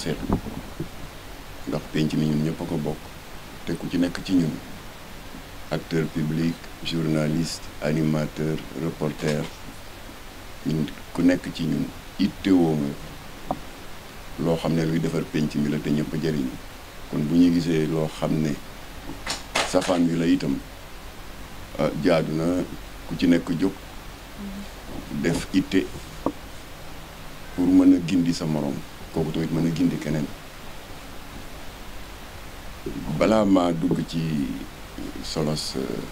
seet ndax penc mi ñun ñëpp a ko bokk te ku ci nekk ci ñun acteur public journaliste animateur reporter ku nekk ci ñun ittewoo nga loo xam ne luy defar penc mi la te ñëpp a jëriñu kon bu ñu gisee loo xam ne safaan bi la itam ah, jaadu na ku ci nekk jóg mm-hmm. def itte pour mën a gindi sa moroom kooku tamit mën a gindi keneen balaa maa dugg ci solos euh,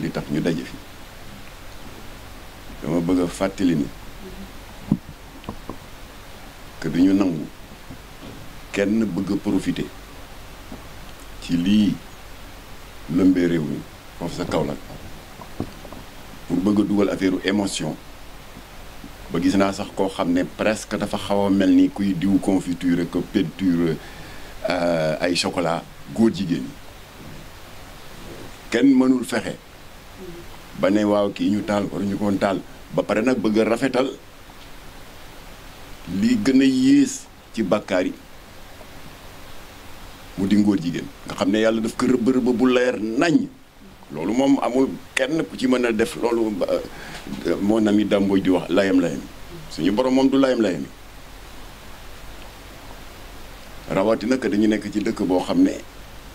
li tax ñu daje fi dama bëgg a fàttali ni que duñu nangu kenn bëgg a profiter ci lii lëmbee réew mi foofu sa Kaolack pour bëgg a dugal affaire émotion ba gis naa sax koo xam ne presque dafa xaw a mel ni kuy diw confiture que peinture euh, ay chocolat góor jigéen ñi kenn mënul fexe ba ne waaw kii ñu taal waruñu koon taal ba pare nag bëgg rafetal li gën a yées ci bàkkaar yi mu di ngóor jigéen nga xam ne yàlla daf kër rëbb rëbb bu leer nañ loolu moom amul kenn ku ci mën a def loolu euh, mon ami Damboy di wax layam layam suñu borom moom du layam layam rawatina que dañu nekk ci dëkk boo xam ne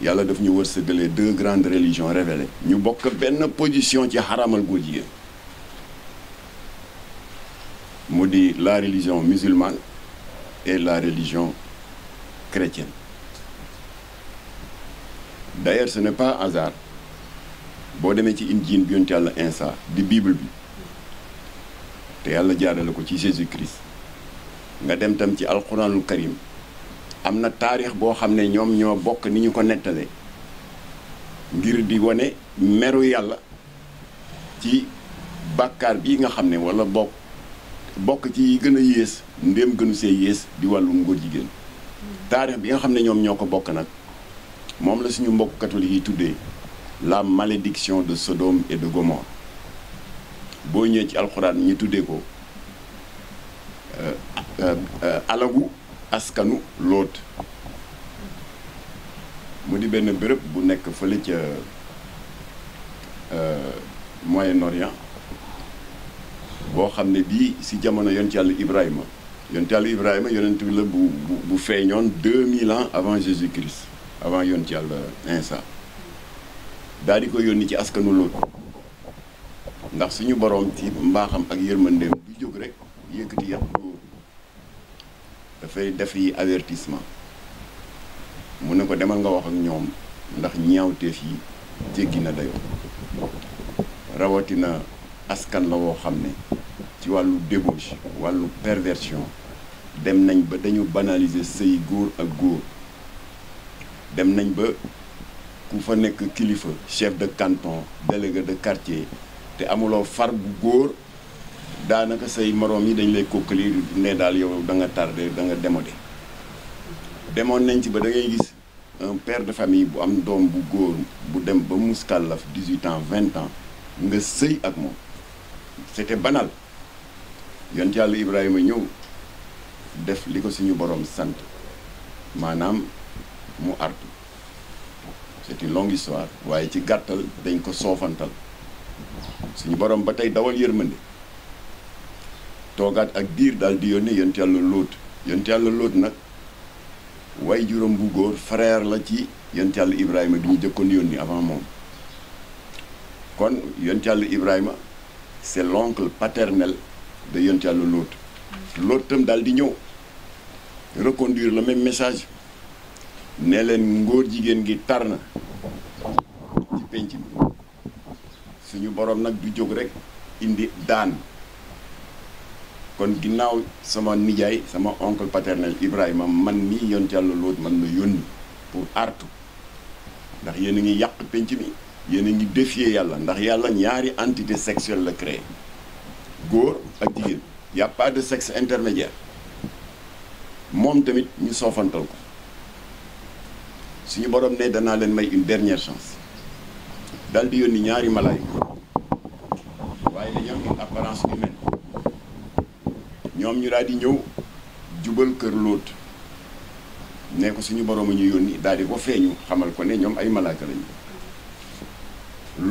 yàlla daf ñu wërsëgalee deux grandes religions révélées ñu bokk benn position ci xaramal góor jigéen mu di la religion musulmane et la religion chrétienne d'ailleurs ce n'est pas hasard boo demee ci injiil bi yonent yàlla Insa di bible bi te yàlla jaarale ko ci Jésus Christ nga dem tam ci alquranul karim am na taarix boo xam ne ñoom ñoo bokk ni ñu ko nettalee ngir di wane meru yàlla ci bàkkaar bii nga xam ne wala bokk bokk ci yi gën a yées ndéem gënu see yées di wàllum ngóor jigéen hmm. taarix bi nga xam ne ñoom ñoo ko bokk nag moom la suñu mbokk catholique yi tuddee la malédiction de Sodome et de Gomorrhe boo ñëwee ci alxuraan ñu tuddee ko euh, euh, euh, alagu askanu loot mu di benn béréb bu nekk fële ca Moyen-Orient boo xam ne bii si jamono yonent yàlla Ibrahima yonent yàlla Ibrahima yonent la bu bu bu feeñoon 2000 ans avant Jésus-Christ avant yonent yàlla Insa daal di ko yónni ci askanu Lóot ndax suñu boroom ci mbaaxam ak yërmandeem du jóg rek yëkkati yàq loolu dafay def yi avertissement mu ne ko demal nga wax ak ñoom ndax ñaawteef yi jéggi na dayoo rawatina askan la woo xam ne ci wàllu débauche wàllu perversion dem nañ ba dañu banaliser sëy góor ak góor dem nañ ba bu fa nekk kilifa chef de canton délégué de quartier te amuloo far bu góor daanaka say moroom yi dañ lay kokkali ne daal yow da nga tardé da nga démodé demoon nañ ci ba da gis un père de famille bu am doom bu góor bu dem ba muskàllaf 18 ans 20 ans nga sëy ak moom c'était banal yont yàlla Ibrahima ñëw def li ko suñu borom sant maanaam mu artu c'est une longue histoire waaye ci gàttal dañ ko soofantal suñu boroom ba tey dawal yërmande toogaat ak diir daal di yónnee yonent yàlla lóot yonent yàlla lóot nag way juróom bu góor frère la ci yonent yàlla Ibrahima du ñu jëkkoon yónni avant moom kon yonent yàlla Ibrahima c'est l'oncle paternel de yonent yàlla lóot lóot tam daal di ñëw reconduire le même message ne leen ngóor jigéen gi tar na ci penc mi suñu borom nag du jóg rek indi daan kon ginnaaw sama nijaay sama oncle paternel Ibrahima man mii yoon yàlla loot man na yónni pour artu ndax yéen ngi yàq penc mi yéen a ngi défier yàlla ndax yàlla ñaari entité sexuelle la créé góor ak jigéen y a pas de sexe intermédiaire moom tamit ñu soofantal ko suñu borom ne danaa leen may une dernière chance dal di yónni ñaari malaayika waaye dañu am ñoom ñu daal di ñëw jubal kër Lóot ne ko suñu boroom a ñu yónni daal di ko feeñu xamal ko ne ñoom ay malaaka lañu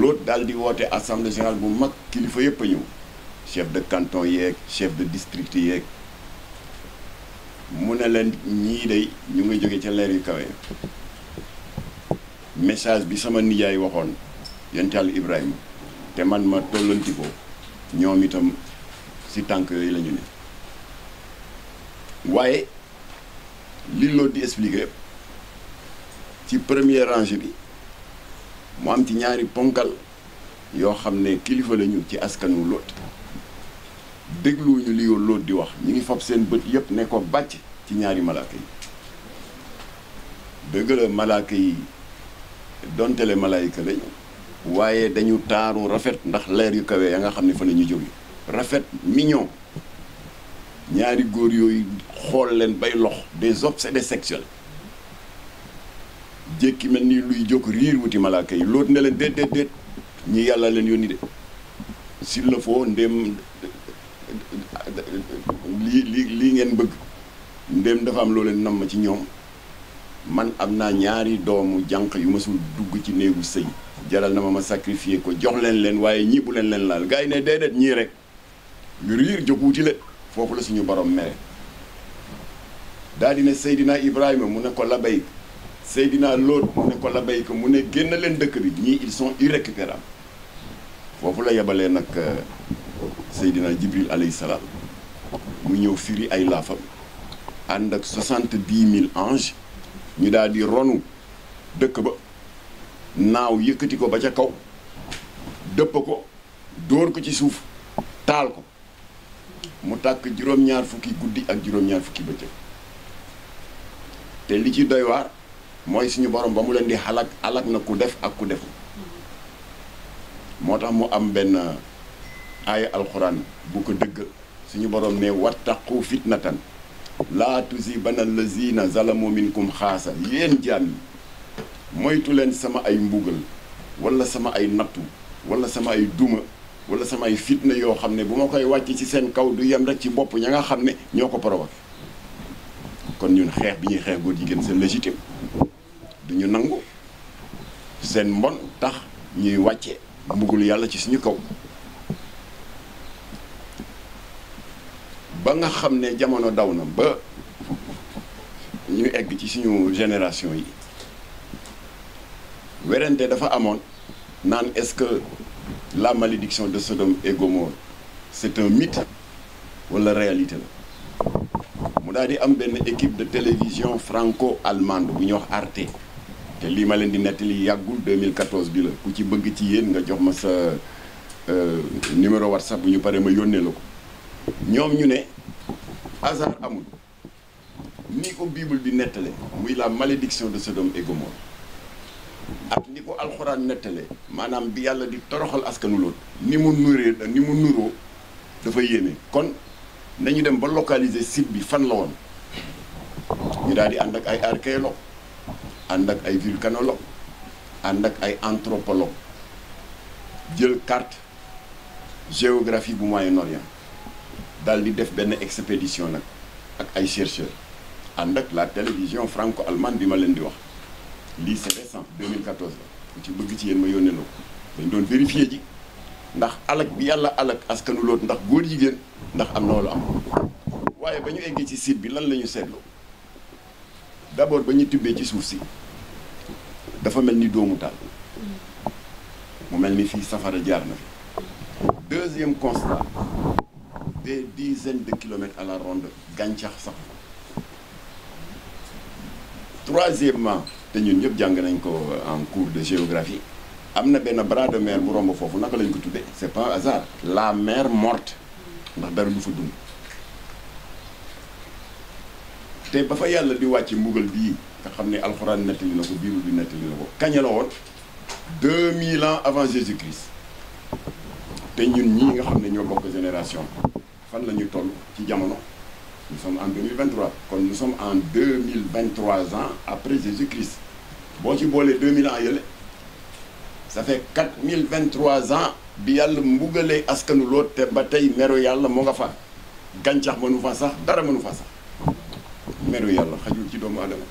Lóot daal woote assemblée générale bu mag kilifa yëpp a ñëw chef de canton yeeg chef de district yeeg mu ne leen ñii day ñu ngi jóge ca leer yu kawe message bi sama nijaay waxoon yonent Yàlla Ibrahima te man ma tollanti ko ñoom itam si tànk yooyu lañu ne waaye li loolu di expliquer ci première rangée bi mu am ci ñaari ponkal yoo xam ne kilifa lañu ci askanu Lóot dégluwuñu li yow Lóot di wax ñu ngi fab seen bët yépp nekkoo bàcc ci ñaari malaaka yi dëgg la malaaka yi dontele malaayika lañu waaye dañu taaru rafet ndax leer yu kawe ya nga xam ne fa la ñu jóge rafet mignon ñaari góor yooyu xool leen bay lox des de sexuels jékki mel ni luy jóg riir wuti malaaka yi loot ne leen déet déet déet ñi yàlla leen yónni de s'il le faut ndéem lii lii lii ngeen bëgg ndéem dafa am loo leen namm ci ñoom man am naa ñaari doomu jànq yu mësul dugg ci néegu sëy jaral na ma ma sacrifier ko jox leen leen waaye ñii bu leen leen laal gars yi ne déedéet ñii rek ñu riir jóg wuti foofu la suñu borom mere daa di ne Seydina Ibrahima mu ne ko labay Seydina Lóot mu ne ko labay mu ne génn leen dëkk bi ñii ils sont irrécupérables foofu la yebalee nag euh, Seydina Jibril alayhi salaam mu ñëw firi ay laafam ànd ak soixante-dix mille anges ñu daal di ronu dëkk ba naaw yëkkati ko ba ca kaw dëpp ko dóor ko ci suuf taal ko mu tàkk juróom-ñaar fukki guddi ak juróom-ñaar fukki bëccëg te li ci doy mooy suñu borom ba mu leen di xalak alak na ku def ak ku defu moo tax mu am benn aaya alxuraan bu ko dëgg suñu borom ne wattaqu fitnatan laa tusiibanna allaziina zalamu minkum xaasa yéen jaam yi moytu leen sama ay mbugal walla sama ay nattu wala sama ay duma wala sama ay fitna yoo xam ne bu ma koy wàccee ci seen kaw du yem rek ci bopp ña nga xam ne ñoo ko provoqué kon ñun xeex bi ñuy xeex góor jigéen seen légitime du ñu nangu seen mbon tax ñuy wàcce mbugul yàlla ci suñu kaw ba nga xam ne jamono daw na ba ñu egg ci suñu génération yi werante dafa amoon naan est-ce que la malédiction de Sodome et Gomorrhe c'est wala réalité la mu daal di am benn équipe de télévision franco-allemande bu ñuy wax Arte te lii ma leen di nettali yàggul 2014 bi la ku ci bëgg ci yéen nga jox ma sa euh, numéro WhatsApp bu ñu paree ma yónnee la ko ñoom ñu ne hasard amul ni ko bible bi nettale muy la malédiction de Sodome et Gomorrhe ak ni ko alxuraan nettale maanaam bi yàlla di toroxal askanu Lóot ni mu nuree ni mu nuroo dafa yéeme kon nañu dem ba localiser site bi fan la woon ñu daal di ànd ak ay archéologue ànd ak ay volcanologue ànd ak ay anthropologue jël carte géographie bu Moyen-Orient daal di def benn expédition nag ak ay chercheurs ànd ak la télévision franco-allemande bi ma leen di wax lii c'est récent la ku ci bëgg ci yéen ma yónnee na ko dañ doon vérifier ji ndax alak bi yàlla alak askanu loot ndax góor jigéen ndax am na wala am waaye ba ñu eggee ci sit bi lan la ñu seetlu d'abord ba ñu tibbee ci suuf si dafa mel ni doomu taal mu mel ni fii safara jaar na fi constat des dizaines de kilomètres à la ronde gàncax sax troisièmement te ñun ñëpp jàng nañ ko euh, en cours de géographie am na benn bras de mer bu romb foofu naka lañ ko tuddee c'est pas un hasard la mer morte ndax dara du fa dung te ba fa yàlla di wàcc mbugal bi nga xam ne alxuraan nettali na ko biiru bi na ko kañ la woon 2000 ans avant Jésus-Christ te ñun ñii nga xam ne ñoo bokk génération fan la ñu toll ci jamono nous sommes en 2023 kon nous sommes en 2023 ans après Jésus-Christ boo ci boolee 2000 ans yële ça vingt 4023 ans bi yàlla mbugalee askanu lool te ba tey mero yàlla mu nga fa gàncax mënu fa sax dara mënu fa sax mero yàlla xajul ci doomu aadama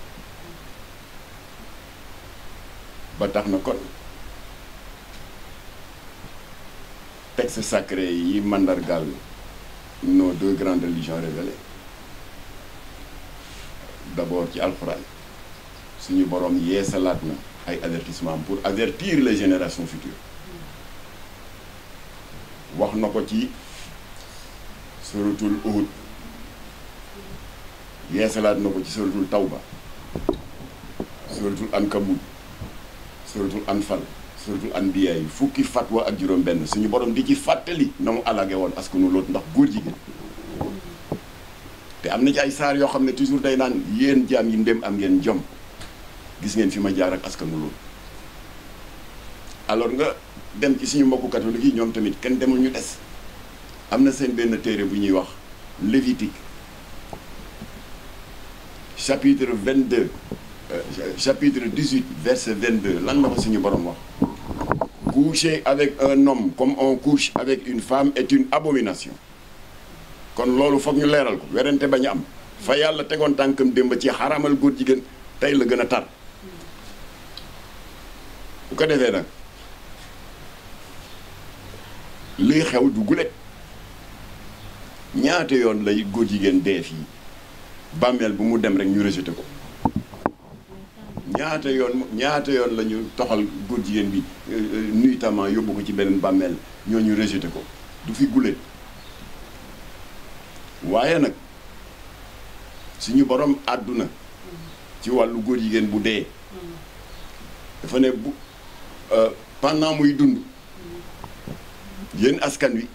ba tax na kon texte sacré yi mandargal nos deux grandes religions révélées d'abord ci alxuraan suñu boroom yeesalaat na ay avertissement pour avertir les générations futures wax na ko ci suratul Uhud yeesalaat na ko ci suratul Tawba suratul Ankabut suratul Anfal surtout anbiya yi fukki fatwa ak juróom-benn suñu boroom di ci fàttali na mu alage woon askanu Lóot ndax góor jigéen te am na ci ay saar yoo xam ne toujours day naan yéen jaam yi ndem am ngeen jom gis ngeen fi ma jaar ak askanu Lóot alors nga dem ci suñu mbokku catholique yi ñoom tamit kenn demul ñu des am na seen benn téere bu ñuy wax Lévitique chapitre 22. Euh, chapitre 18 verset 22 lan la ko suñu borom wax coucher avec un homme comme on couche avec une femme et une abomination kon loolu foog ñu leeral ko werante ba ñu am fa yàlla tegoon tànkam démb ci xaramal góor jigéen tey la gën a tar bu ko defee nag lii xew du gulet ñaata yoon lay góor jigéen dee fii bàmmeel bu mu dem rek ñu rejeté ko ñaata yoon ñaata la ñu toxal góor jigéen bi euh, euh, nuitamment yóbbu ko ci beneen bàmmeel ñu rejeté ko du fi guléet waaye nag suñu borom àdduna ci wàllu góor jigéen bu dee dafa ne bu euh, pendant muy dund yéen askan wi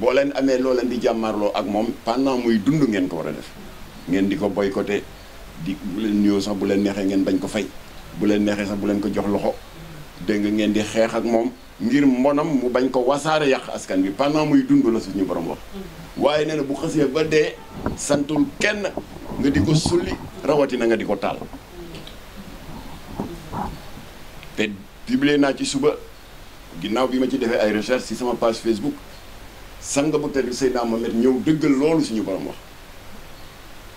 boo leen amee loo leen di jàmmarloo ak moom pendant muy dund ngeen ko war a def ngeen di ko boy ko boycotté di bu leen nuyoo sax bu leen neexee ngeen bañ ko fay bu leen neexee sax bu leen ko jox loxo dégg nga ngeen di xeex ak moom ngir mbonam mu bañ ko wasaare yàq askan bi pendant muy dund la suñu borom wax waaye nee na bu xësee ba dee santul kenn nga di ko sulli rawatina nga di ko taal te publié naa ci suba ginnaaw bi ma ci defee ay recherche ci sama page Facebook sang bu tedd Seydina Mohamed ñëw dëggal loolu suñu borom wax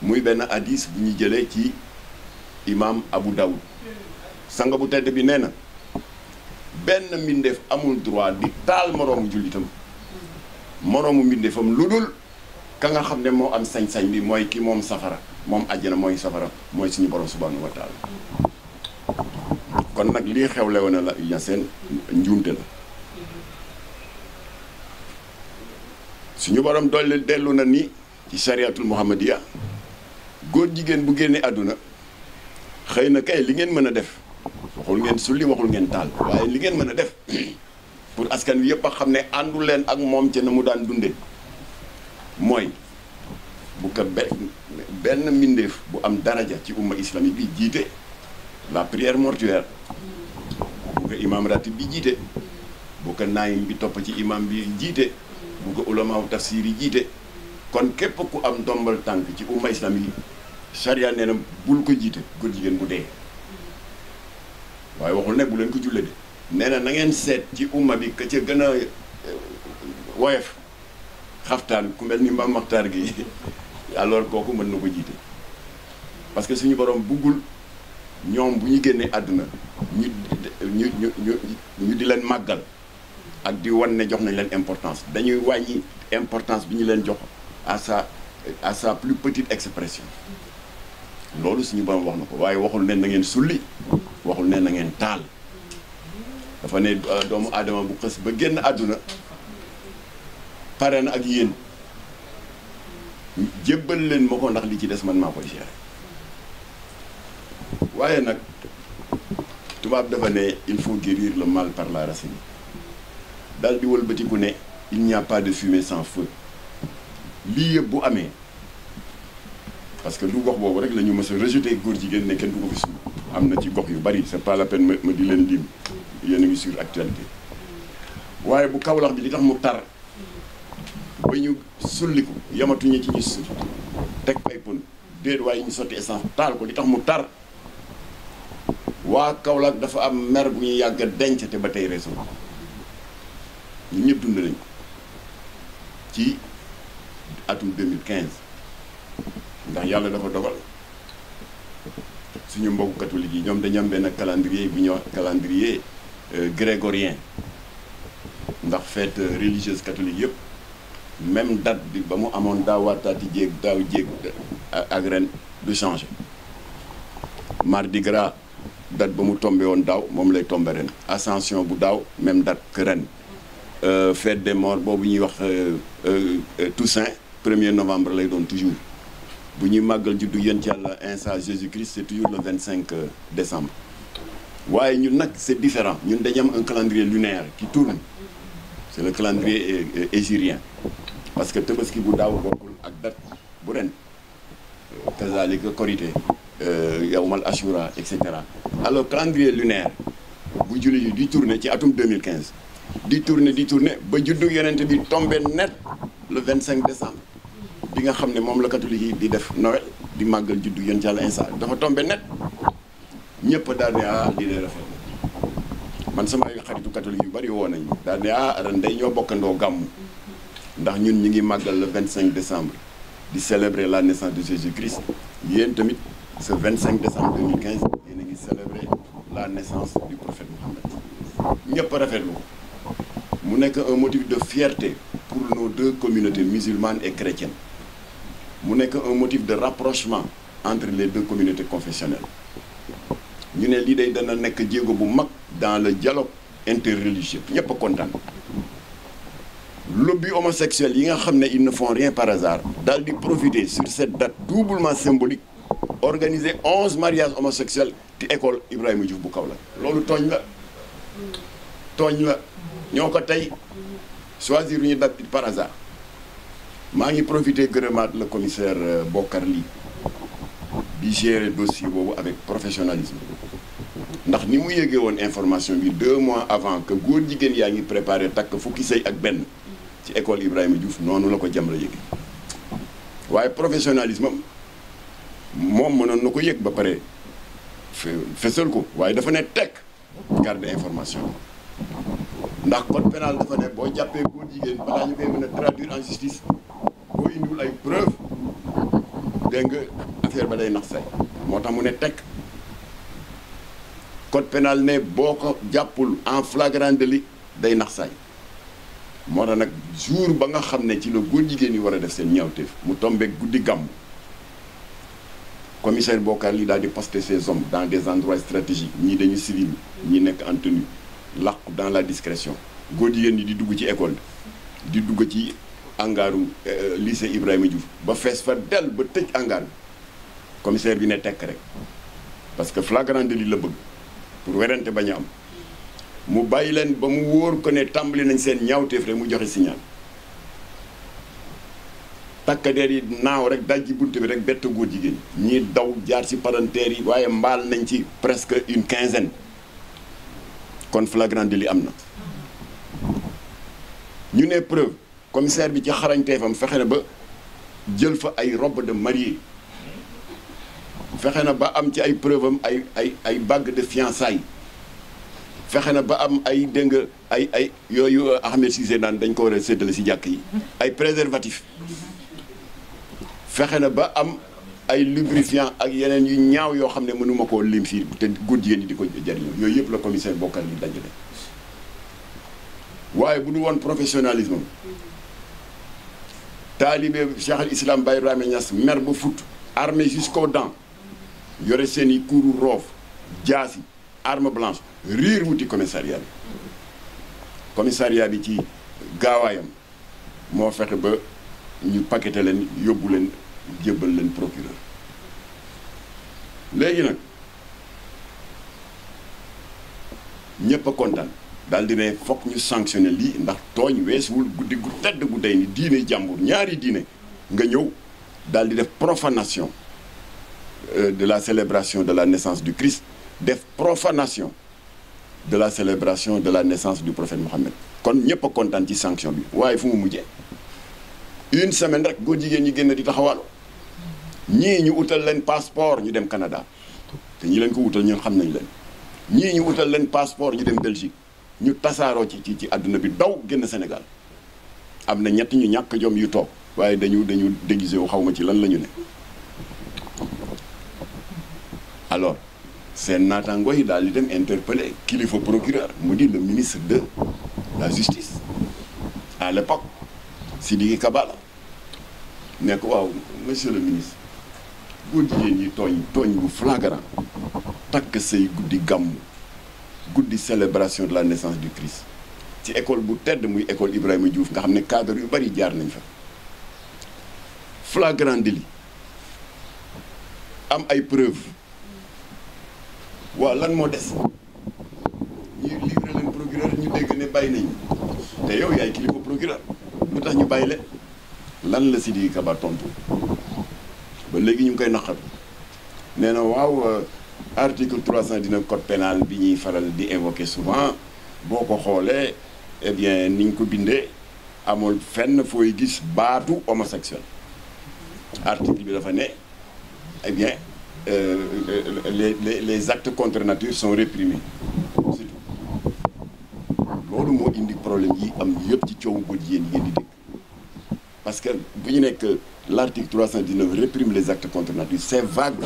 muy benn hadis bu ñu jëlee ci imaam Abu Dawud sanga bu tedd bi nee na benn mbindeef amul droit di taal moroomu jullitam moroomu mbindeefam lu dul ka nga xam ne moo am sañ-sañ bi mooy ki moom safara moom àjjana mooy safara mooy suñu borom subhanahu wa kon nag lii xewle woon na la ñaseen njuumte la suñu borom dolli dellu na ni ci chariatul muhammadiya góor jigéen bu génnee àdduna xëy na kay li ngeen mën a def waxul ngeen sulli waxul ngeen taal waaye li ngeen mën a def pour askan wi yëpp a xam ne àndu leen ak moom ca na mu daan dunde mooy bu ko benn benn bu am daraja ci umma islamique bi jiite la prière mortuaire bu ko imam ratib bi jiite bu ko bi topp ci imam bi jiite bu ko ulamaaw tafsir yi jiite kon képp ku am ndombal tànk ci umma yi charia nee na bul ko jiite góor jigéen bu dee waaye waxul nekk bu leen ko julle de nee na na ngeen seet ci umma bi ka ca gën a eh, woyof xaftaan ku mel ni Mame Makhtar gi alors kooku mën na ko jiite parce que suñu borom buggul ñoom bu ñu génnee àdduna ñu ñu di leen màggal ak di wan ne jox nañ leen importance dañuy wàññi importance bi ñu leen jox à sa à sa plus petite expression loolu suñu borom wax na ko waaye waxul ne na ngeen sulli waxul ne na ngeen taal dafa ne euh, doomu aadama bu xës ba génn àdduna pare na ak yéen jébbal leen ma ko ndax li ci des man maa koy gérer waaye nag tubaab dafa ne il faut guérir le mal par la racine daal di wëlbatiku ne il n'y pas de fumée sans feu lii yëpp bu amee parce que du gox boobu rek la ñu mës a rejeté góor jigéen ne kenn du ko fi suul am na ci gox yu bari c'est pas la peine ma di leen lim yéen a ngi sur actualité waaye bu Kaolack bi di tax mu tar ba ñu sulliku yamatuñu ci ñu sul teg ay pën déet waaye ñu sotti essence taal ko li tax mu tar waa Kaolack dafa am mer bu ñu yàgg denc te ba tey réseau ñun ñëpp dund nañ ci atum ndax yàlla dafa dogal suñu mbokku catholique yi ñoom dañu am benn calendrier bu ñuy wax calendrier euh, grégorien ndax fête religieuse catholique yëpp même date bi ba mu amoon daawaataati jéeg daaw jéeg ak ren du changé mardi gras date ba mu tombe woon daaw moom lay tombé ren ascension bu daaw même date que ren euh, fête de morts boobu ñuy wax euh, Toussaint premier novembre lay doon toujours bu ñuy màggal juddu yent yàlla Isa Jésus-Christ c'est toujours le 25 décembre waaye ñun nag c'est différent ñun dañu am un calendrier lunaire qui tourne c'est le calendrier hégirien parce que tabaski bu daaw bokkul ak date bu ren kazalika korité euh, yawmal ashura et cetera alors calendrier lunaire bu julli yi di tourner ci atum 2015 di tourner di tourner ba juddu yonent bi tombé net le 25 décembre bi nga xam ne moom la catholique yi di def Noël di màggal juddu yéen jàll instant dafa tombe net ñëpp daal ne ah lii rafet man sama ay xaritu catholique yu bari woo nañu daal ne ah day ñoo bokkandoo gàmm ndax ñun ñu ngi màggal le cinq décembre di célébrer la naissance de Jésus Christ yéen tamit ce 25 décembre 2015 yéen a ngi célébrer la naissance du prophète Mohammed ñëpp rafet lu mu nekk un motif de fierté pour nos deux communautés musulmanes et chrétiennes. mu nekk un motif de rapprochement entre les deux communautés confessionnelles ñu ne lii de dana nekk jéego bu mag dans le dialogue interreligieux ñëpp a kontaan lobby homosexuel yi nga xam ne ils ne font rien par hasard daal di profiter sur cette date doublement symbolique organiser onze mariages homosexuels ti école Ibrahima Diouf bu Kaolack loolu tooñ la tooñ la ñoo ko tey choisir ñu date par hasard maa ngi profité gërëmaat le commissaire euh, Bokar Ly di gérer dossier boobu avec professionnalisme ndax ni mu yëgee woon information bi deux mois avant que góor jigéen yaa ngi préparé takk fukki sëy ak benn ci école Ibrahima Diouf noonu la ko jam la yëgee waaye professionnalisme moom mënoon na ko yëg ba pare fesal ko waaye dafa ne teg garde information ndax code pénal dafa ne boo jàppee góor jigéen balaa ñu koy mën a traduire en justice boo indiwul ay preuve dégg nga affaire ba day nax say moo tax mu ne tekk code penal ne boo ko jàppul en flagrant délit day nax say moo tax nag jour ba nga xam ne ci la góor jigéen yi war a def seen ñaawteef mu tombeeg guddi gàmm commissaire Bokar li daal di poster ses hommes dans des endroits stratégiques ñii dañu civil ñi nekk en tenue dans la discrétion góor jigéen yi di dugg ci école di dugg ci angaaru euh, lycée Ibrahima Diouf ba fees fa dell ba tëj angaar bi commissaire bi ne tekk rek parce que flagrant délit la bëgg pour werante bañ am mu bàyyi leen ba mu wóor ko ne tàmbali nañ seen ñaawteef rek mu joxe signal takkadeer yi naaw rek dajji buntu bi rek bett góor jigéen ñi daw jaar ci palanteer yi waaye mbaal nañ ci presque une quinzaine kon flagrant délit am na ñu ne preuve commissaire bi ci xarañteefam fexe na ba jël fa ay robe de mariée fexe na ba am ci ay preuve am ay ay ay bague de fiançailles fexe na ba am ay déng ay ay yooyu euh, Ahmed Cissé naan dañ ko war a séddale si jàkk yi ay préservatif fexe na ba am ay lubrifiant ak yeneen yu ñaaw yoo xam ne mënuma koo lim te góor jigéen ñi di ko jariñoo yooyu yëpp la commissaire bokkal yi dajale waaye bu du woon professionnalisme taalibe Cheikh al Islam Baye Ibrahima Niass mer ba fut armé jusqu'aux dents yore seeni i kuuru roof jaasi arme blanche riir wuti commissariat bi commissariat bi ci gaawaayam moo fexe ba ñu paqueté leen yóbbu leen jébbal leen procureur léegi nag ñépp kontaan daal di ne fokk ñu sanctionné lii ndax tooñ weesuwul guddi gu tedd gu day ni diine jàmbur ñaari diine nga ñëw daal di def profanation euh, de la célébration de la naissance du Christ def profanation de la célébration de la naissance du prophète Mohammed kon ñëpp kontaan ci sanction bi waaye fu mu mujjee une semaine rek góor jigéen ñi génn di taxawalo ñii ñu utal leen passeport ñu dem Canada te ñi leen ko utal ñun xam nañu leen ñii ñu utal leen passeport ñu dem Belgique ñu tasaaroo ci ci ci àdduna bi daw génn Sénégal am na ñett ñu ñàkk jom yu toog waaye dañu dañu déguisé wu xaw ma ci lan la ñu ne alors seen naataango yi daal di dem interpeller kilifa procureur mu di le ministre de la justice à l'époque Sidiki Kaba la ne ko waaw monsieur le ministre góor jigéen ñi tooñ tooñ bu flagrant takk say guddi gàmmu guddi célébration de la naissance du Christ ci école bu tedd muy école Ibrahima Diouf nga xam ne cadre yu bari jaar nañ fa flagrant délit am ay preuve waaw lan moo des ñu livré leen procureur ñu dégg ne bàyyi nañu te yow yaay kilifa procureur lu tax ñu bàyyi leen lan la Sidiki Kaba tontu ba léegi ñu ngi koy naqar nee na waaw euh, article 319 code pénal bi ñuy faral di évoquer souvent boo ko xoolee eh bien niñ ko bindee amoon fenn fooy gis baatu homosexuel article bi dafa ne eh bien euh, euh, les les les actes contre nature sont réprimés c'est tout loolu moo indi problème yi am yëpp ci coowu ba jigéen yi di dégg parce que bu ñu nekk l'article 319 réprime les actes contre nature c'est vague.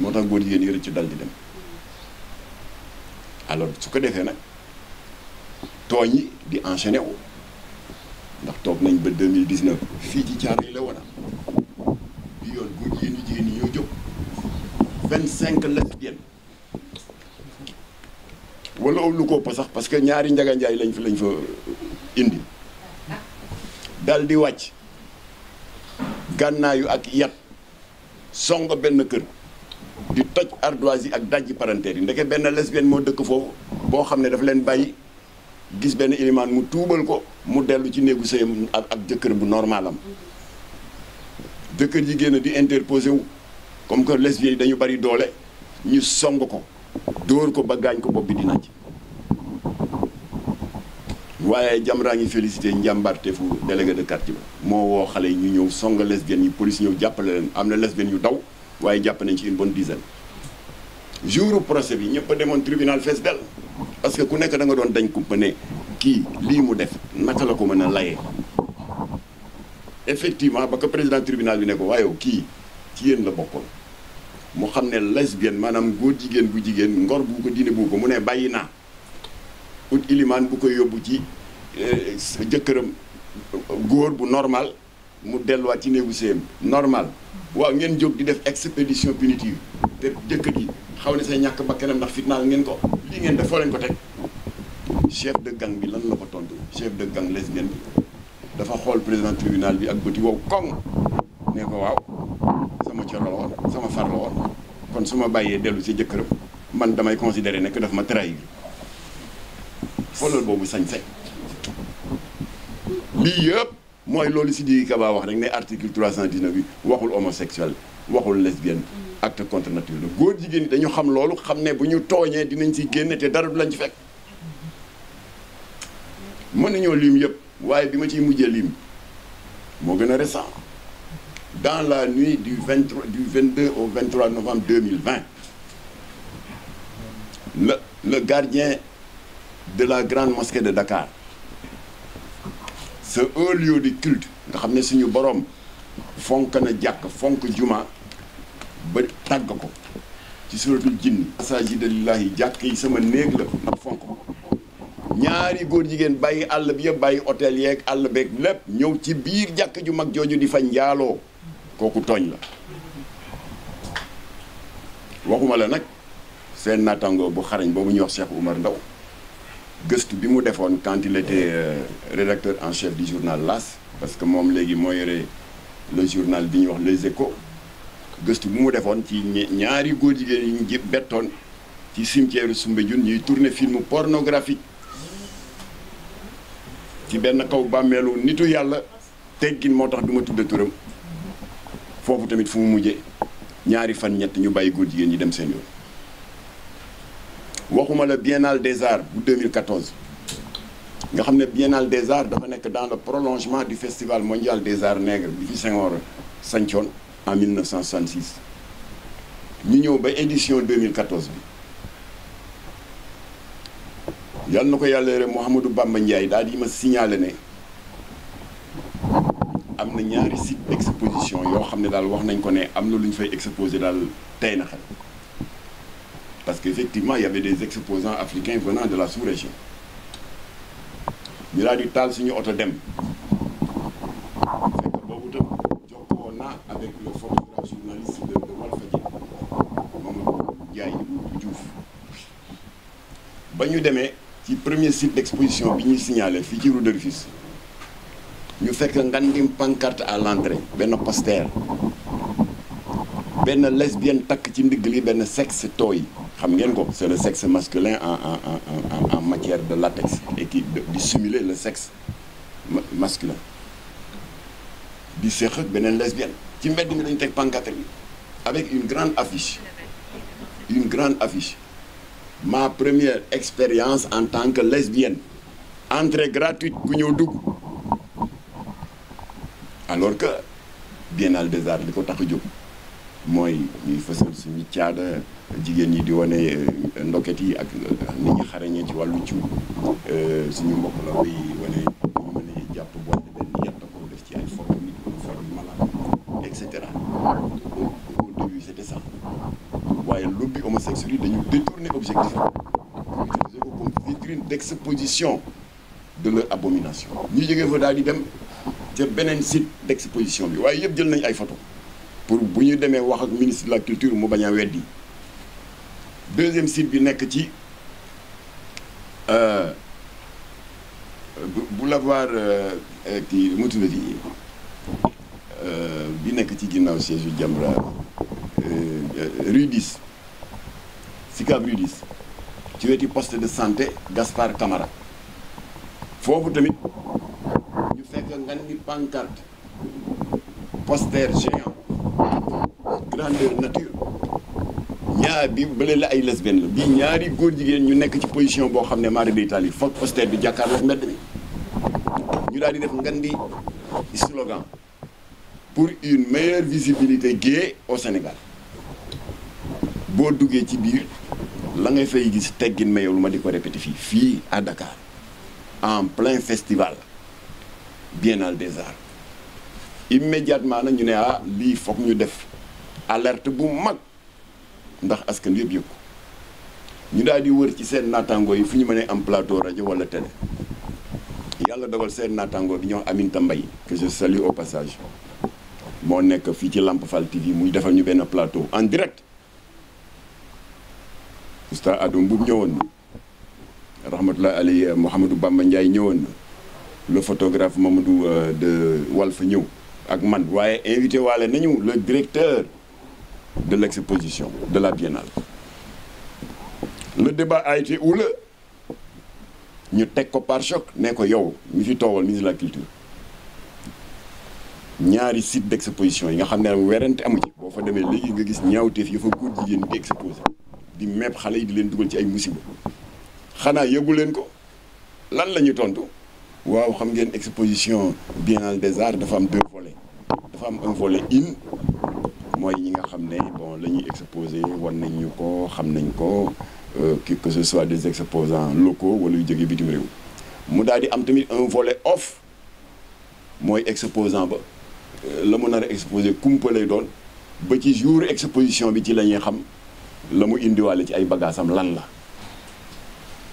moo tax góor yéen yi ci dal di dem alors su ko defee nag tooñ yi di enchaîné wu ndax toog nañ ba 2019 fii ci caar yi la woon bi yoon góor jigéen yu jigéen ñi ñoo jóg 25 lesbiennes wala lu ko ëpp parce que ñaari njaganjaay lañ fi lañ fa indi dal di wàcc gànnaayu ak yat song benn kër. di toj ardoise yi ak dajji paranteer yi ndeke benn lesbienne moo dëkk foofu boo xam ne dafa leen bàyyi gis benn ilimaan mu tuubal ko mu dellu ci néegu sëyam ak ak jëkkër bu normalam jëkkër ji génn di interposé wu comme que lesbienne yi dañu bari doole ñu song ko dóor ko ba gaañ ko bopp bi di naaj waaye Jamra ngi félicité njàmbarteefu délégué de quartier ba moo woo xale yi ñu ñëw song lesbienne yi police ñëw jàppale leen am na lesbienne yu daw waaye jàpp nañ ci une bonne dizaine jour procès bi ñëpp a demoon tribunal fees del parce que ku nekk da nga doon dañ kumpa ne kii lii mu def naka la ko man a layee effectivement ba ko président tribunal bi ne ko waaye kii ci yéen la bokkoon mu xam ne lesbienne maanaam góor jigéen bu jigéen ngor bu ko diine bu ko mu ne bàyyi naa ut ilimaan bu koy yóbbu ci eh, jëkkëram góor bu normal mu delluwaat ci néegu séem normal waaw ngeen jóg di def expédition punitive te jëkkat yi xaw ne say ñàkk ba bakkanam ndax fitnaal ngeen ko lii ngeen def foo ko teg chef de gang bi lan la ko tontu chef de gang lesbienne bi dafa xool président tribunal bi ak bëti wow koŋ ne ko waaw sama cër la sama far la kon su ma bàyyee dellu si jëkkëram man damay considérer nekk daf ma trahir xoolal boobu sañ-sañ lii yëpp mooy loolu si Sidiki baa wax rek ne article 319 bi waxul homosexuel waxul lesbienne acte contre nature la góor jigéen ñi dañu xam loolu xam ne bu ñu tooñee dinañ si génne te dara du lañ ci fekk mën nañoo lim yëpp waaye bi ma ciy mujjee liim moo gën a récent dans la nuit du 23 du vingt 22 au 23 novembre 2020 le le gardien de la grande mosquée de Dakar ce haut lieu de nga xam ne suñu boroom fonk na jàkk fonk juma ba tàgg ko ci suratul jinni masajida lillahi jàkk yi sama néeg la ndax fonk ñaari góor jigéen bàyyi àll bi yëpp bàyyi hôtel yeeg àll beeg lépp ñëw ci biir jàkk ju mag jooju di fa njaaloo kooku tooñ la waxuma la nag seen naataango bu xarañ boobu ñuy wax Cheikh Oumar Ndaw gëstu bi mu defoon quand il était euh, rédacteur en chef du journal L'As parce que moom léegi moo yore le journal bi ñuy wax Les Échos gëstu bi mu defoon ci ñaari góor jigéen yi ñu bettoon ci cimetière Soumbédioune ñuy tourner film pornographique ci benn kaw bàmmeelu nitu yàlla teggin moo tax du ma tudda turam foofu tamit fu mu mujjee ñaari fan ñett ñu bàyyi góor jigéen ñi dem seen yoon. waxuma la biennale des arts bu 2014 nga xam ne biennale des arts dafa nekk dans le prolongement du festival mondial des arts nègres bi ci Senghor sancoon en 1966 ñu ñëw ba édition 2014 bi yàlla na ko yàlla yore Mouhamadou Bamba Ndiaye daal di ma signalé ne am na ñaari site exposition yoo xam ne daal wax nañ ko ne am na lu ñu fay exposé daal tey na xel Parce que il y avait des exposants africains venant de la sous-région. ñu daal taal suñu oto dem de de ba ñu demee ci premier site d'exposition bi ñuy signalé fii ci rue de ñu fekk ngandim pancarte à l'entrée benn poster benn lesbienne takk ci ndigg li benn sexe tooy xam ngeen ko c'est le sexe masculin en en en en matière de latex et qui di simuler le sexe masculin di séq ak beneen lesbienne ci mbedd mi dañu teg pancarte bi avec une grande affiche une grande affiche ma première expérience en tant que lesbienne entrée gratuite ku ñëw dugg alors que Biennale des Arts li ko tax a jóg mooy ñuy fësal suñu caada. jigéen ñi di wane euh, ndoket yi ak euh, nit ñi xarañee ci wàllu ciw euh, suñu mbokk la koy wane ñu mën a jàpp boole benn yàtt ko def ci ay forme nit wala forme malade et cetera au début c'était ça waaye lobby homosexuel dañu détourner objectif utiliser ko comme daal di dem ca beneen site position bi waaye yëpp jël nañ ay photo pour bu ñu demee wax ak ministre la culture mu bañ a yi deuxième site bi nekk ci euh, boulevard euh, euh, kii mu tuddati bi nekk ci ginnaaw siège yu Jamra rue 10 Sicap rue 10 ci weti poste de santé Gaspard Camara foofu tamit ñu fekk nga ni pancarte poster géant grandeur nature ñaar bi bële la ay lesbienne la bii ñaari góor jigéen ñu nekk ci position boo xam ne maari day taal yi foog poster bi jàkkaarloo mbedd mi ñu daal di def ngan di slogan pour une meilleure visibilité gay au Sénégal boo duggee ci biir la ngay fay gis teggin ma lu ma di ko répété fii fii à Dakar en plein festival biennale des arts immédiatement nag ñu ne ah lii foog ñu def alerte bu mag ndax askan yëpp yëg ñu daal di wër ci seen naataango yi fu ñu mënee am plateau rajo wala télé yàlla dogal seen naataango bi ñoo Aminta Mbaye que je salue au passage moo nekk fii ci làmp Fall TV muy defal ñu benn plateau en direct oustaz Adou Mboub ñëwoon na rahmatullah ali Mouhamadou Bamba Ndiaye ñëwoon na le photographe du euh, de Walf ñëw ak man waaye invité waale nañu le directeur de l'exposition de la biennale. Le debat a été houleux ñu teg ko par choc ne ko yow mi fi toogal ministre la culture ñaari site d'exposition yi nga xam ne nag werante amu ci boo fa demee léegi nga gis ñaawteef yi fa góor jigéen di exposé di mepp xale yi di leen dugal ci ay musiba xanaa yëgu leen ko lan la ñuy tontu waaw xam ngeen exposition biennale des arts dafa am deux volets dafa am un volet in mooy ñi nga xam ne bon la ñuy exposé wan nañ ñu ko xam nañ ko euh, que ce soit des exposants locaux wala yu jóge bitim réew mu daal di am tamit un volet off mooy exposant ba euh, la mu nar exposé kumpa lay doon ba ci jour exposition bi ci la ñuy xam la mu indiwaale ci ay bagaasam lan la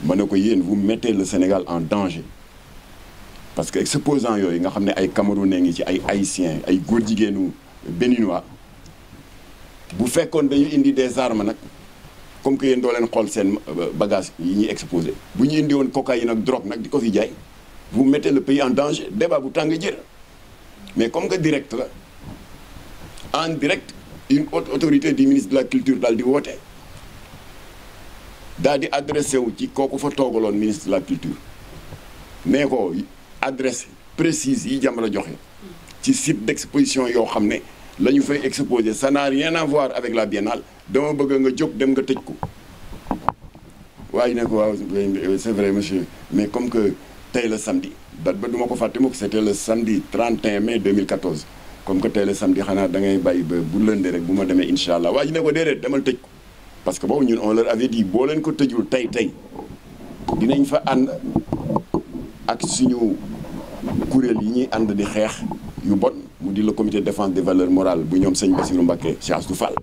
ma ne ko yéen vous mettez le Sénégal en danger parce que exposant yooyu nga xam ne ay Camerounais ngi ci ay ay haïtiens ay góor jigéenu béninois bu fekkoon dañu indi des armes nag comme que yéen doo leen xool seen euh, bagage yi ñuy exposé bu ñu indi woon cocaïne ak drogue nag di ko fi jaay bu mettez le pays en danger débat bu tàng jër mais comme que direct la en direct une haute autorité di ministre de la culture daal di woote daal di adressé wu ci kooku fa toogaloon ministre de la culture nee ko adresse précise yi Jamra joxe ci site d'exposition yoo xam ne la ñu fay exposé ça n'a rien à voir avec la biennale dama bëgg nga jóg dem nga tëj ko waaye ne ko waaw c'est vrai monsieur mais comme que tey la samedi date ba ma ko fàtte mukk c'était le samedi 31 mai 2014 comme que tey la samedi xanaa da ngay bàyyi ba bu lëndee rek bu ma demee incha allah waa ji ne ko déedéet demal tëj ko parce que boobu ñun on leur avait dit boo leen ko tëjul tey tey dinañ fa ànd ak suñu kuréel yi ñuy ànd di xeex yu bon di le comité de défense des valeurs morales bu ñoom sëñ Bassirou Mbacké Cheikh Astou Fall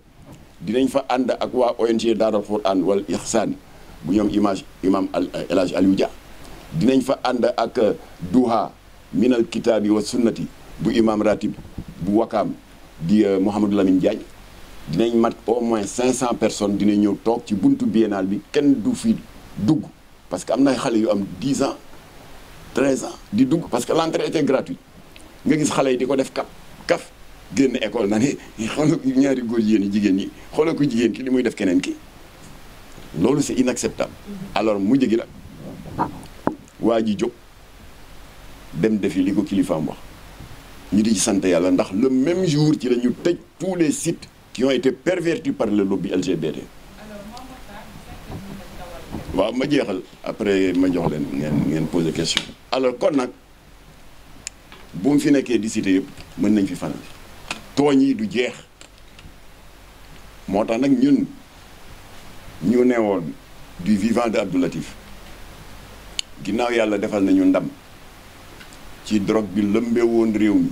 dinañ fa ànd ak waa ONG Daaral Quran wal Ihsan bu ñoom image imam El Hadj Aliou Dia dinañ fa ànd ak Duha minal kitaabi wa sunnati bu imam ratib bu wakaam di euh, Mouhamadou Lamine Diagne dinañ mat au moins 500 personnes dinañ ñëw toog ci buntu biennale bi kenn du fi dugg parce que am naay xale yu am 10 ans 13 ans di dugg parce que l'entrée était nga gis xale yi di ko def kap kaf génn école na ne xoolal ko ñaari góor jigéen yi jigéen ñi xoolal ko jigéen ki li muy def keneen ki loolu c'est inacceptable alors mu jëgi nag waa ji jóg dem defi li ko kilifaam wax ñu di ci sant yàlla ndax le même jour ci la ñu tëj tous les sites qui ont été pervertis par le lobby LGBT waaw ma jeexal après ma jox leen ngeen ngeen poser question alors kon nag bu mu fi nekkee di cité yëpp mën nañ fi fanaan tooñ yi du jeex moo tax nag ñun ñu neewoon du vivant de Abdou Latif ginnaaw yàlla defal nañu ndam ci drogue bi lëmbee woon réew mi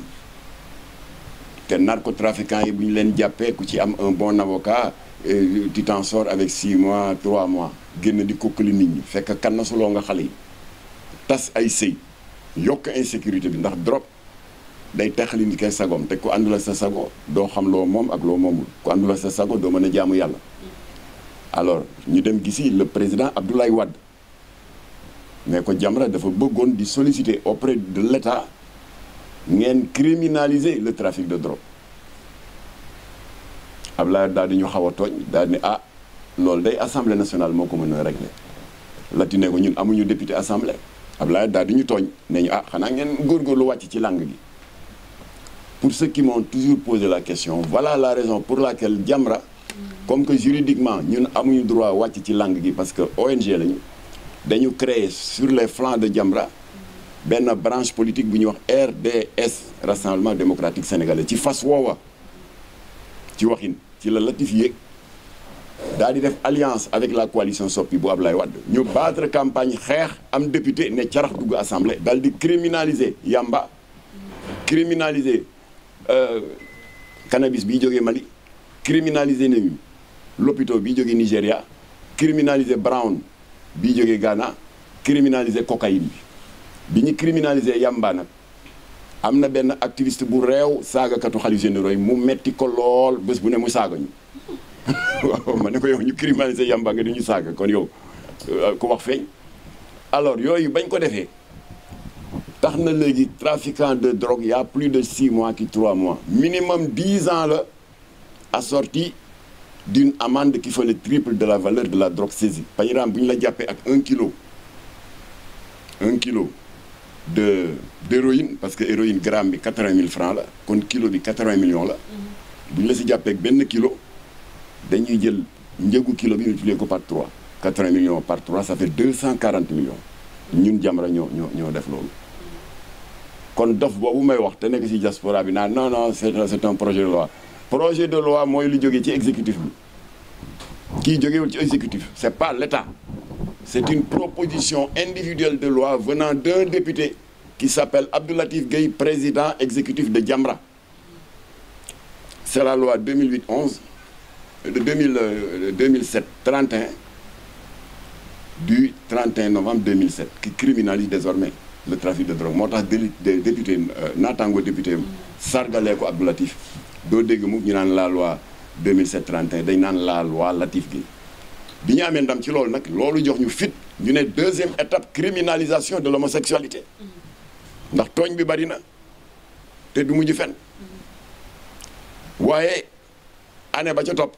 te narcotrafiquants yi bu ñu leen jàppee ku ci am un bon avocat euh, tu t'en sors avec 6 mois 3 mois génn di kokkali nit ñi fekk kan na suloo nga xale yi tas ay sëy yokk insécurité bi ndax drop day taxali nit kay sagoom te ku àndula sa sago doo xam loo moom ak loo moomul ku àndula sa sago doo mën a jaamu yàlla alors ñu dem gisi le président Abdoulaye Wade mais ko Jamra dafa bëggoon di au auprès de l'État ngeen criminaliser le trafic de drogue Abdoulaye daal di ñu xaw a tooñ daal di ne ah loolu day assemblée nationale moo ko mën a régler latine ko ñun amuñu député assemblée Ablaye daal di ñu tooñ ne ñu ah xanaa ngeen góorgóorlu wàcc ci langue gi pour ceux qui m'ont toujours pose la question voilà la raison pour la laquelle Jamra comme que juridiquement ñun amuñu droit wàcc ci langue gi parce que ONG lañu dañu créer sur les flancs de Jamra benn branche politique bu ñuy wax RDS Rassemblement démocratique sénégalais ci fas woowa ci waxin ci la Latif yéeg daal di def alliance avec la coalition Soppi bu Ablaye Wade ñu battre campagne xeex am député ne carax dugg assemblée daal di criminaliser yamba criminaliser euh, cannabis bi jógee Mali criminaliser Némi lopito bi jóge nigeria criminaliser Brown bi jóge Ghana criminaliser cocaïne bi bi ñu criminaliser yamba nag am na benn activiste bu réew saagakatu xalifa généraux yi mu metti ko lool bés bu ne mu saagañu waaw ma ne ko yow ñu criminaliser yamba nga du ñu saaga kon yow euh, ku wax feeñ alors yooyu bañ ko defee tax na léegi trafiquant de drogue y a plus de six mois ki trois mois minimum dix ans la assorti d'une amende ki fait le triple de la valeur de la drogue saisie pañiraam bu ñu la jàppee ak un kilo un kilo de d'héroïne parce que héroïne gramme bi quatre mille francs la kon kilo bi quatre-vingt la mm-hmm. bu ñu la si jàppee ak benn kilo dañuy jël njëgu kilo bi ñu multiplier ko par 3 80 millions par 3 ça fait 240 millions ñun Jamra ñoo ñoo ñoo def loolu kon dof boobu may wax te nekk ci diaspora bi naan non non c'est c'est un projet de loi projet de loi mooy lu jógee ci exécutif bi kii jógewul ci exécutif c'est pas l'État c'est une proposition individuelle de loi venant d'un député qui s'appelle Abdou Latif Gueye président exécutif de Jamra c'est la loi 2008-11 de 2000 euh, 2007 31 du 31 novembre 2007 qui criminalise désormais le trafic de drogue moo tax délit député euh, naataango député sargalee ko Abdou Latif doo dégg mu ñu naan la loi 2007 31 dañ naan la loi Latif gi bi ñu amee ndam ci loolu nag loolu jox ñu fit ñu ne deuxième étape criminalisation de l'homosexualité ndax tooñ bi bari na te du mujj fen mm-hmm. waaye année ba ca topp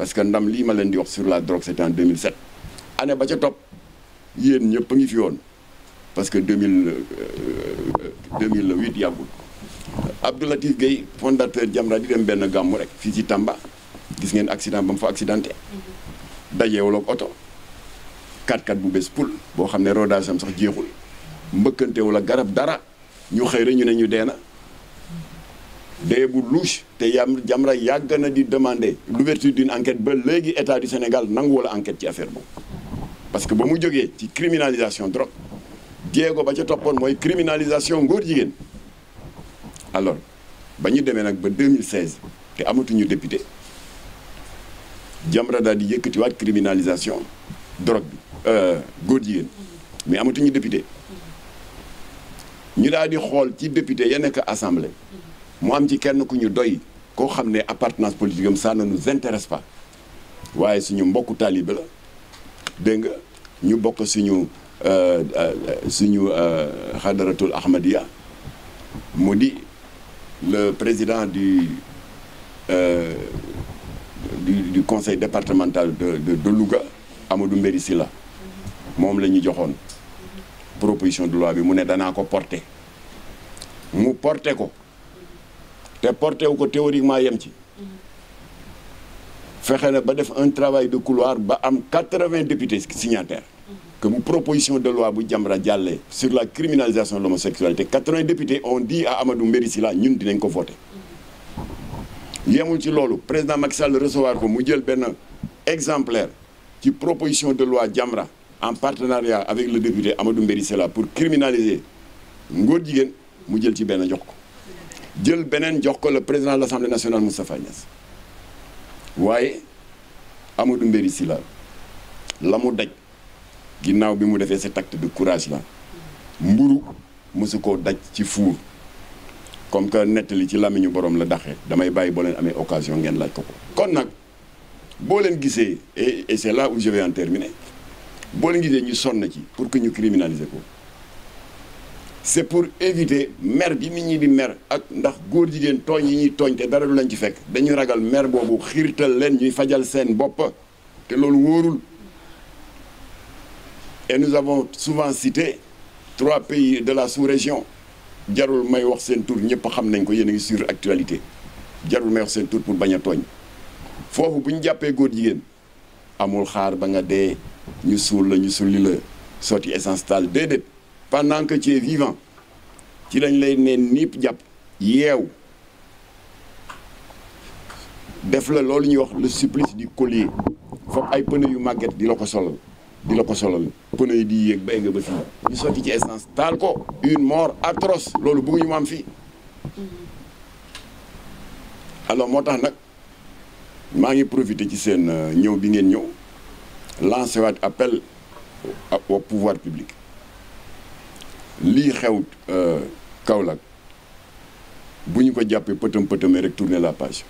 parce que ndam lii ma leen di wax sur la drogue c'était en 2007 année ba ca topp yéen ñëpp a ngi fi woon parce que 2000 2008 euh, euh, yàggul Abdoulatif Gueye fondateur Jamra di dem benn gàmmu rek fii ci tàmba gis ngeen accident ba mu fa accidenté dajeewul ak oto 4 x bu bés pul boo xam ne rodage am sax jeexul mbëkkantewul ak garab dara ñu xëy rek ñu ne ñu dee na dee bu louche te yam Jamra yàgg na di demander l'ouverture d'une enquête ba léegi état du Sénégal nangu wala enquête ci affaire boobu parce que ba mu jógee ci criminalisation drogue jéego ba ca toppoon mooy criminalisation ngóor jigéen alors ba ñu demee nag ba 2016 te amatuñu député Jamra daal di waat criminalisation drogue bi euh, góor jigéen mais amatuñu député ñu daal di xool ci député ya nekk assemblée mu am ci kenn ku ñu doy koo xam ne appartenance politique am ça ne nous intéresse pas waaye suñu mbokku taalibe la dégg nga ñu bokk suñu euh, euh, suñu xadaratul euh, ahmadia mu di le président du du du conseil départemental de de de Louga Amadou Mbéri Silla moom la ñu joxoon proposition de loi bi mu ne danaa ko porter mu porter ko. te porté wu ko théoriquement yem ci fexe na ba def un travail de couloir ba am quatre-vingts députés signataires que mu proposition de loi bu Jamra jàllee sur la criminalisation de l'homosexualité quatre-vingts députés ont dit à Amadou Mbéry Sylla ñun dinañ ko voté yemul ci loolu président Macky Sall recevoir ko mu jël benn exemplaire ci proposition de loi Jamra en partenariat avec le député Amadou Mbéry la pour criminaliser ngóor jigéen mu jël ci benn jox ko jël beneen jox ko le président de l'Assemblée nationale Moustapha Niass waaye Amadou Mbéri Sylla la mu daj ginnaaw bi mu defee cet acte de courage la mburu mësu koo daj ci fuur comme que nettali ci làmmiñu borom la daxee damay bàyyi boo leen amee occasion ngeen laaj ko ko. kon nag boo leen gisee et et c'est là où je en terminer boo leen gisee ñu sonn ci pour que ñu criminaliser ko. c'est pour éviter mer bi nit ñi di mer ak ndax góor jigéen tooñ yi ñuy tooñ te dara du lañ ci fekk dañuy ragal mer boobu xiirtal leen ñuy fajal seen boppa te loolu wóorul et nous avons souvent cité trois pays de la sous-région jarul may wax seen tour ñëpp xam nañ ko yéen a ngi sur actualité jarul may wax seen tur pour bañ a tooñ foofu bu ñu jàppee góor jigéen amul xaar ba nga dee ñu suul la ñu sulli la sotti essence taal déedéet pendant que tu es vivant ci lañ lay neen niip jàpp yeew def la loolu ñuy wax le supplice du collier foog ay pneu yu màgget di la ko solal di la ko solal pneu yi di yéeg ba egg ba fii ñu sotti ci essence taal ko une mort atroce loolu bëgguñu mu am fii alors moo tax nag maa ngi profité ci seen euh, ñëw bi ngeen ñëw lancé waat appel au pouvoir public lii xew euh, Kaolack bu ñu ko jàppee pëtëm pëtëmee rek tourner la page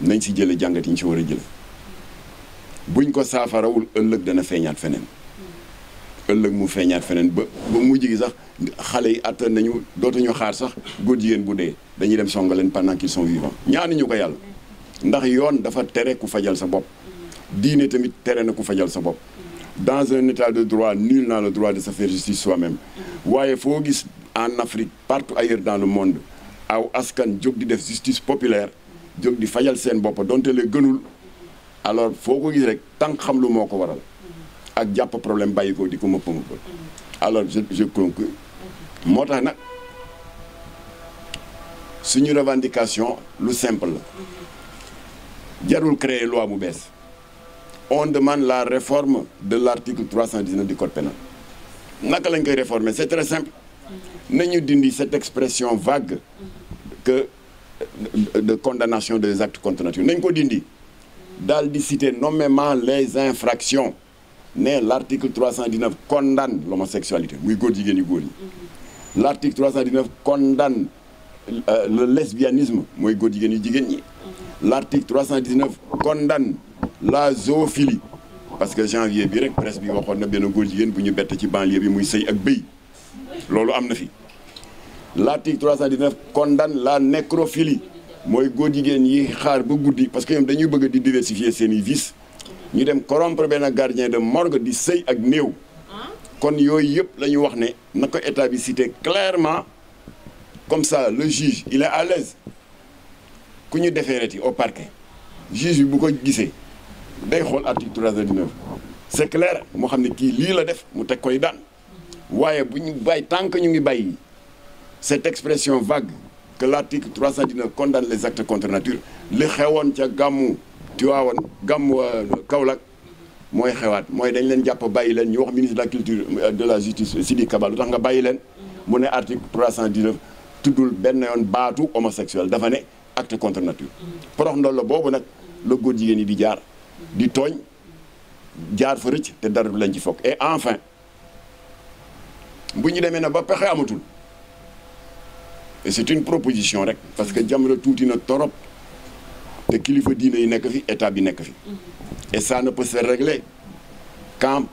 nañ si jële jàngat yi ñu si war a jële buñ ko saafarawul ëllëg dana feeñaat feneen ëllëg mu feeñaat feneen ba ba mujj gi sax xale yi attan nañu dootuñu xaar sax góor jigéen bu dee dañuy dem songa leen pendant qu'ils sont vivants ñaanuñu ko yàlla ndax yoon dafa tere ku fajal sa bopp diine tamit tere na ku fajal sa bopp dans un état de droit nul n'a le droit de se faire justice soi-même waaye foo gis en Afrique partout ailleurs dans le monde aw askan jóg di def justice populaire jóg di fajal seen bopp donte le gënul alors foo ko gis rek tànk xam lu moo ko waral ak jàpp problème bàyyi ko di ko mëpp mëpp alors je conclus moo tax nag suñu revendication lu simple la jarul créer loi mu bees on demande la réforme de l'article 319 du code pénal naka lañ koy réformer c'est très simple nañu dindi cette expression vague que euh, de condamnation des actes contre nañu ko dindi daal di citer nommément les infractions ne l'article 319 condamne l'homosexualité muy góor jigéen yu góor ñi l'article 319 condamne euh, le lesbianisme mooy góor jigéen yu jigéen ñi l'article 319 condamne la zoophilie parce que janvier bi rek presse bi waxoon na benn góor jigéen bu ñu bett ci banlieue bi muy sëy ak bëy loolu am na fi l'article 319 condamne la nécrophilie mooy góor jigéen yi xaar ba guddi parce que ñoom dañuy bëgg di diversifier seen i vices ñu dem corrompre benn gardien de morgue di sëy ak néew kon yooyu yëpp la wax ne na ko état bi cité clairement comme ça le juge il est à l'aise ku ñu defee déféré au parquet juge bi bu ko gisee day xool article 319 c'est clair moo xam ne kii lii la def mu teg koy daan waaye bu ñu bàyyi tant que ñu ngi bàyyi cette expression vague que l'article 319 condamne les actes contre nature li xewoon ca gàmmu Tiwaawan gàmmu euh, Kaolack mooy xewaat mooy dañ leen jàpp bàyyi leen ñu wax ministre de la culture euh, de la justice Sidi Kaba lu tax nga bàyyi leen mu ne article 319 tuddul benn yoon baatu homosexuel dafa ne acte contre nature porox ndol la boobu nag loo góor jigéen yi di jaar di tooñ jaar fa rëcc te dara du lañ ci fokk et enfin bu ñu demee na ba pexe amatul et c'est une proposition rek parce que jamono tuuti na torop te kilifa diine yi nekk fi état bi nekk fi et ça ne peut se régler quand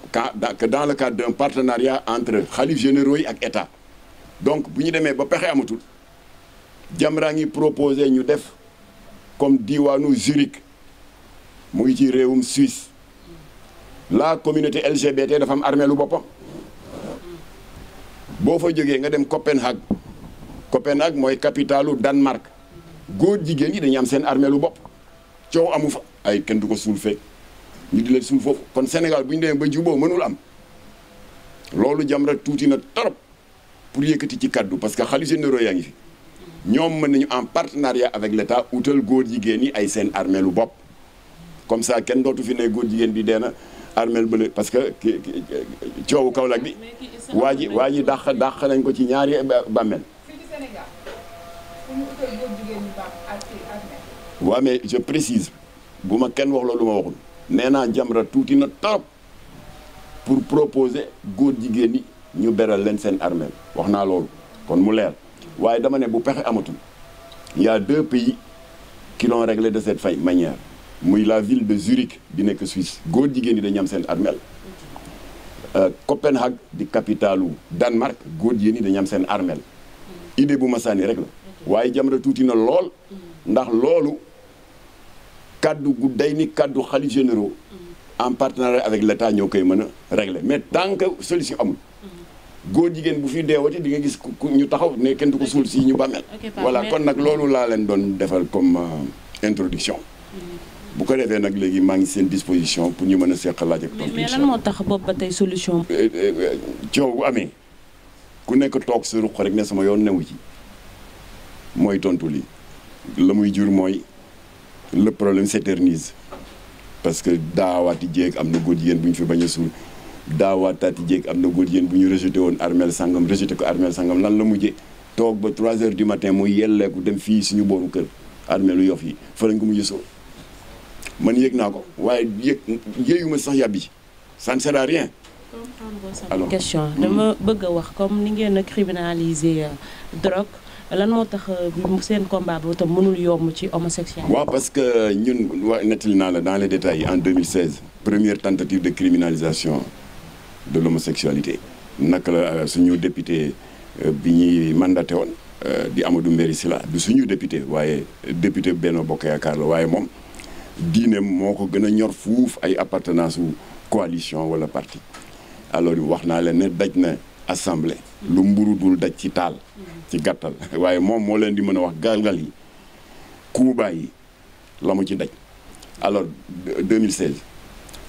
dans le cadre d'un partenariat entre xali généraux yi ak état donc bu ñu demee ba pexe amatul Jamra ngi proposé ñu def comme diwaanu Zurich mu ngi ci réewum Suisse la communauté LGBT dafa am armeelu lu boppam boo fa jógee nga dem Copenhague Copenhague mooy capitalu Danemark góor jigéen ñi dañu am seen armeelu bopp coow amu fa ay kenn du ko suul fekk ñu di leen suul foofu kon Sénégal bu ñu demee ba juboo mënul am loolu Jamra tuuti na torop pour yëkkati ci kaddu parce que xalifa généraux yaa ngi fi. ñoom mën nañu en partenariat avec l'État utal góor jigéen yi ay seen armeelu bopp comme ça kenn dootu fi ne góor jigéen di deena na armeel bële parce que coowu Kaolack bi waa ji waa ji dàq dàq nañ ko ci ñaari bàmmeel waaw mais je précise bu ma kenn wax loolu ma waxul nee naa Jamra tuuti na trop pour proposer góor jigéen yi ñu beral leen seen armeel wax naa loolu kon mu leer waaye dama ne bu pexe amatul y a deux pays qui l'ont réglé de cette manière muy la ville de Zurich di nekk Suisse góor jigéen ñi dañu am seen armeel euh, Copenhague di capitalu Danemark góor jigéen ñi dañu am seen armeel idée bu ma sànni rek la waaye jamono tuuti na lool ndax loolu kaddu gu day ni kaddu xalifa généraux en partenariat avec l' état ñoo koy mën a régler mais tant que solution amul góor jigéen bu fi deewati di nga gis ku ñu taxaw ne kenn du ko suul si ñu bàmmeel voilà kon nag loolu laa leen doon defar comme euh, introduction mm-hmm. bu ko defee nag léegi maa ngi seen disposition pour ñu mën a seq laaj ak tontu mais lan moo tax boobu ba tey solution euh, euh, coow bu amee ku nekk toog sa ruq rek ne sama yoon newu ci mooy tontu li la muy jur mooy le problème s'éternise parce que daawaati jéeg am na góor jigéen bu ñu fi bañ a daawaataati jéeg am na góor jigéen bu ñu rejeté woon armel sangam rejeté ko armel sangam lan la mujjee toog ba 3 heures du matin muy yelleeku dem fii suñu booru kër armelu yof yi fa lañ ko mujjee soo man yëg naa ko waaye yëg yéeyuma sax yàbbi san ça ne sert à rien. alors question hmm. dama bëgg a wax comme ni ngeen a criminaliser euh, drogue lan moo tax euh, seen combat boobu tam mënul yomb ci homosexuel. waaw parce que ñun wa nettali naa la dans les détails en 2016 première tentative de criminalisation. de l'homosexualité naka la euh, suñu député euh, bi ñuy mandaté woon euh, di amadu Mbéry Sylla du suñu député waaye député benn Bokk Yaakaar la waaye moom diine moo ko gën a ñor fuuf ay appartenance wu coalition wala parti alors wax naa leen ne daj na assemblée lu mburu dul daj ci taal ci gàttal waaye moom moo leen di mën a wax galgal yi kuubaay yi la mu ci daj alors 2016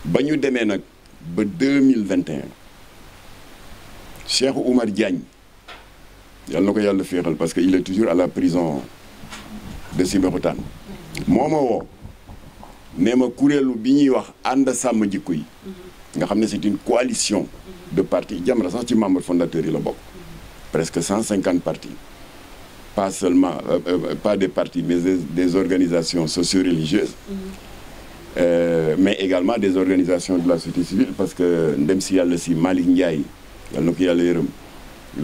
ba ñu demee nag ba deux mille vingt et Cheikh Oumar Diagne yàlla na ko yàlla féexal parce que il est toujours à la prison de Sébikotane moo ma woo nee ma kuréelu bi ñuy wax ànd sàmm jikko yi nga xam ne c'est une coalition de partis Jamra sax ci membre fondateur yi la bokk presque cent cinquante partis pas seulement euh, euh pas des partis mais des, des organisations socio-religieuses Euh, mais également des organisations de la société civile parce que ndem si yàlla si Malick Ndiaye yàlla na ko yàlla yërëm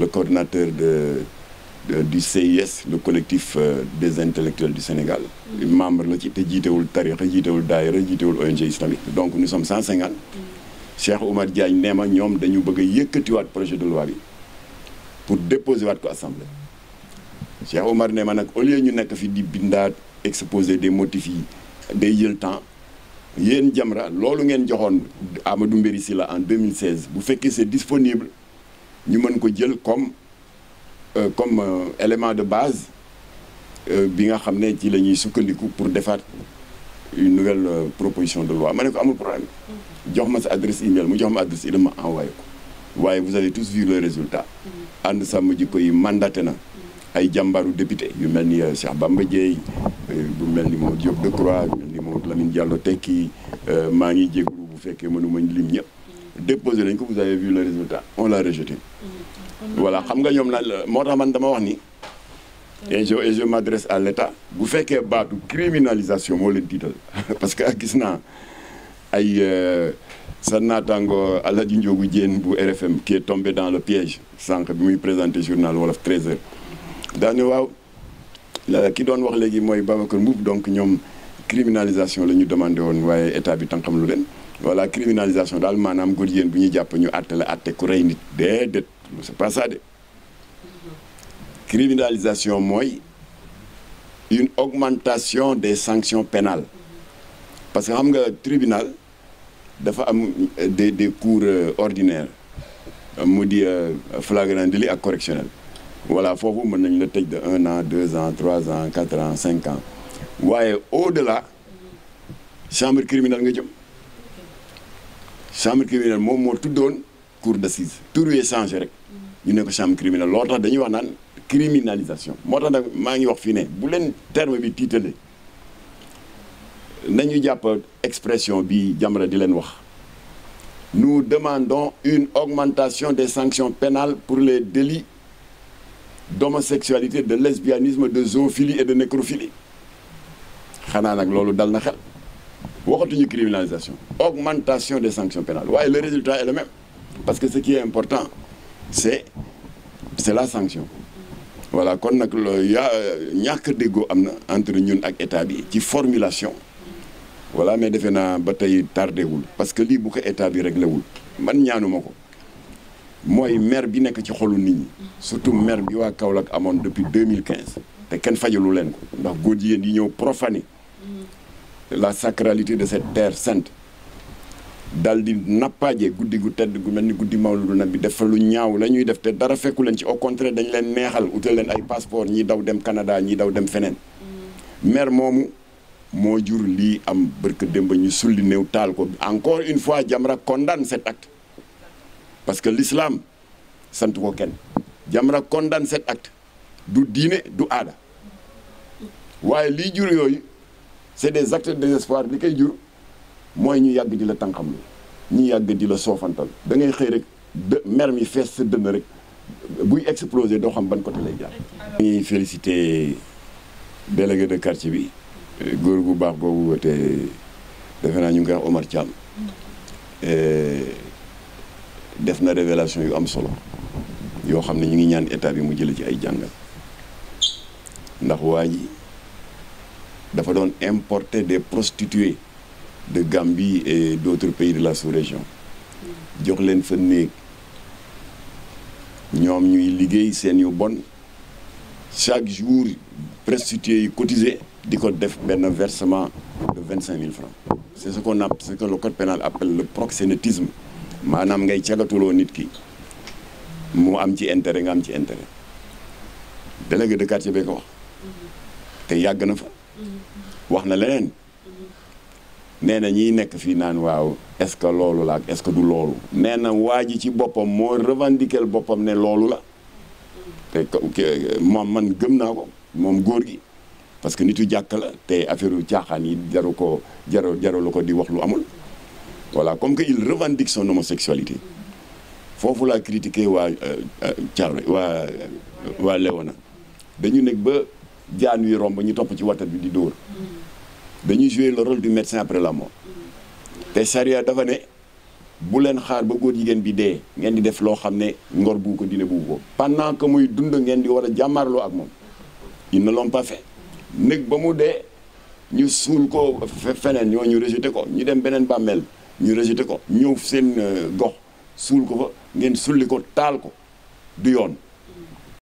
le coordinateur de du CIS le collectif euh, des intellectuels du Sénégal mm. membre la ci te jiitewul tarixa jiitewul daayira jiitewul ONG islamique donc nous sommes 150 mm. Cheikh Oumar Diagne nee ma ñoom dañu bëgg a yëkkatiwaat projet de loi bi pour déposer waat ko assemblée Cheikh Oumar nee ma nag au lieu ñu nekk fi di bindaat exposer des motifs yi day jël temps yéen Jamra loolu ngeen joxoon Amadou si la en 2016 bu fekkee c'est disponible ñu mën ko jël comme euh, comme euh, élément de base euh, bi nga xam ne ci la ñuy sukkandiku pour defaat yu nouvelle euh, proposition de loi ma ne ko amul problème jox ma sa adresse email mu jox ma adresse email ma envoyé ko waaye vous avez tous vu le résultat ànd sàmm jikko yi mandaté na ay jàmbaaru député yu mel ni Cheikh Bamba Dièye bu mel ni Mamadou Diop Decroix Mamadou Lamine Diallo tekki euh, maa ngi jéglu bu fekkee mënuma lim ñëpp déposé nañ ko vous avez vu le résultat on l'a rejeté voilà xam nga ñoom na moo tax man dama wax ni et je et à l'État bu fekkee baatu criminalisation moo leen tiital parce que gis naa ay euh, sa naataango Alhaji Ndiogu Diène bu RFM qui est tombé dans le piège sànq bi muy présenté journal wolof 13h daane waaw ki doon wax léegi mooy Babacar Mboub donc ñoom criminalisation la ñu demandé woon waaye état bi tànkam lu leen voilà criminalisation daal maanaam góor jigéen bu ñuy jàpp ñu àtte la àtte ku rey nit déedéet c'est pas ça criminalisation mooy une augmentation des sanctions pénales parce que xam nga tribunal dafa am euh, des des cour euh, ordinaires mu di euh, flagrant délit ak correctionnel voilà foofu mën nañu la tëj de un an deux ans trois ans quatre ans cinq ans waaye au de delà chambre criminelle nga jëm chambre criminelle moom moo tuddoon cour d'assises tur wee changé rek ñu ne ko chambre criminelle loo tax dañuy wax naan criminalisation moo tax nag maa ngi wax fii ne bu leen terme bi tiitale nañu jàpp expression bi Jamra di leen wax nous demandons une augmentation des sanctions pénales pour les délits d'homosexualité de lesbianisme de zoophilie et de nécrophilie xanaa nag loolu dal na xel waxatuñu criminalisation augmentation de sanctions pénales waaye le résultat est le parce que ce qui est important c'est c'est la sanction voilà kon nag loolu yaa ñàkk déggoo am na entre ñun ak état bi ci formulation voilà mais defe naa ba tey tardé wul parce que lii bu ko état bi réglé wul man ñaanuma ko mooy maire bi nekk ci xolu nit ñi surtout maire bi waa Kaolack amoon depuis 2015 te kenn fajalu leen ko ndax góor jigéen yi ñëw profané la sacralité de cette terre sainte dal di nappaaje guddi gu tedd gu mel ni guddi mawludu nabi def fa lu ñaaw la ñuy def te dara fekku leen ci au contraire dañ leen neexal utal leen ay passeport ñi daw dem Canada ñi daw dem feneen mer moomu moo jur lii am barke démb ñu sulli néew taal ko encore une fois Jamra condamne set acte parce que l'islam sant ko kenn Jamra condamne cet acte du diine du aada waaye lii jur yooyu c'est des actes de désespoir li koy jur mooy ñu yàgg di la tànqam la ñu yàgg di la soofantal da ngay xëy rek de mi fees sa dënn rek buy exploser doo xam ban côté lay jaar. ñuy félicité délégué de quartier bi góor bu baax boobu te defe naa ñu ngi koy wax mm-hmm. eh, def na révélation yu am solo yoo xam ne ñu ngi ñaan état bi mu jële ci ay jàngal ndax waa ji dafa doon importer des prostituées de Gambie et d'autres pays de la sous-région jox leen fa néeg ñoom ñuy liggéey seen yu bon chaque jour prostituées yi cotisé di ko def benn versement de vingt cinq mille francs c' est ce qu'on appelle ce que le code pénal appelle proxénétisme maanaam ngay cagatuloo nit ki mu am ci intérêt nga am ci intérêt délégué de quartier bee ko wax te yàgg na fa wax na leneen nee na ñiy nekk fii naan waaw est-ce que loolu la ak est-ce que du loolu nee na waa ji ci boppam moo revendiquer boppam ne loolu la te moom man gëm naa ko moom góor gi parce que nitu jàkk la te affaire u caaxaan yi jaru ko jaru jaralu ko di wax lu amul voilà comme que il revendique son homosexualité foofu laa critiqué waa euh, euh, Thiaro waa waa dañu nekk ba jaan wi romb ñu topp ci wattat bi di dóor dañuy jouer le rôle du médecin après la mort te charia dafa ne bu leen xaar ba góor jigéen bi dee ngeen di def loo xam ne ngor bu ko dina bu ko pendant que muy dund ngeen di war a jàmmarloo ak moom ils ne l'ont pas fait ba mu dee ñu suul ko feneen ñoo ñu rejeté ko ñu dem beneen bàmmeel ñu rejeté ko ñëw seen euh, gox suul ko fa ngeen sulli ko taal ko du yoon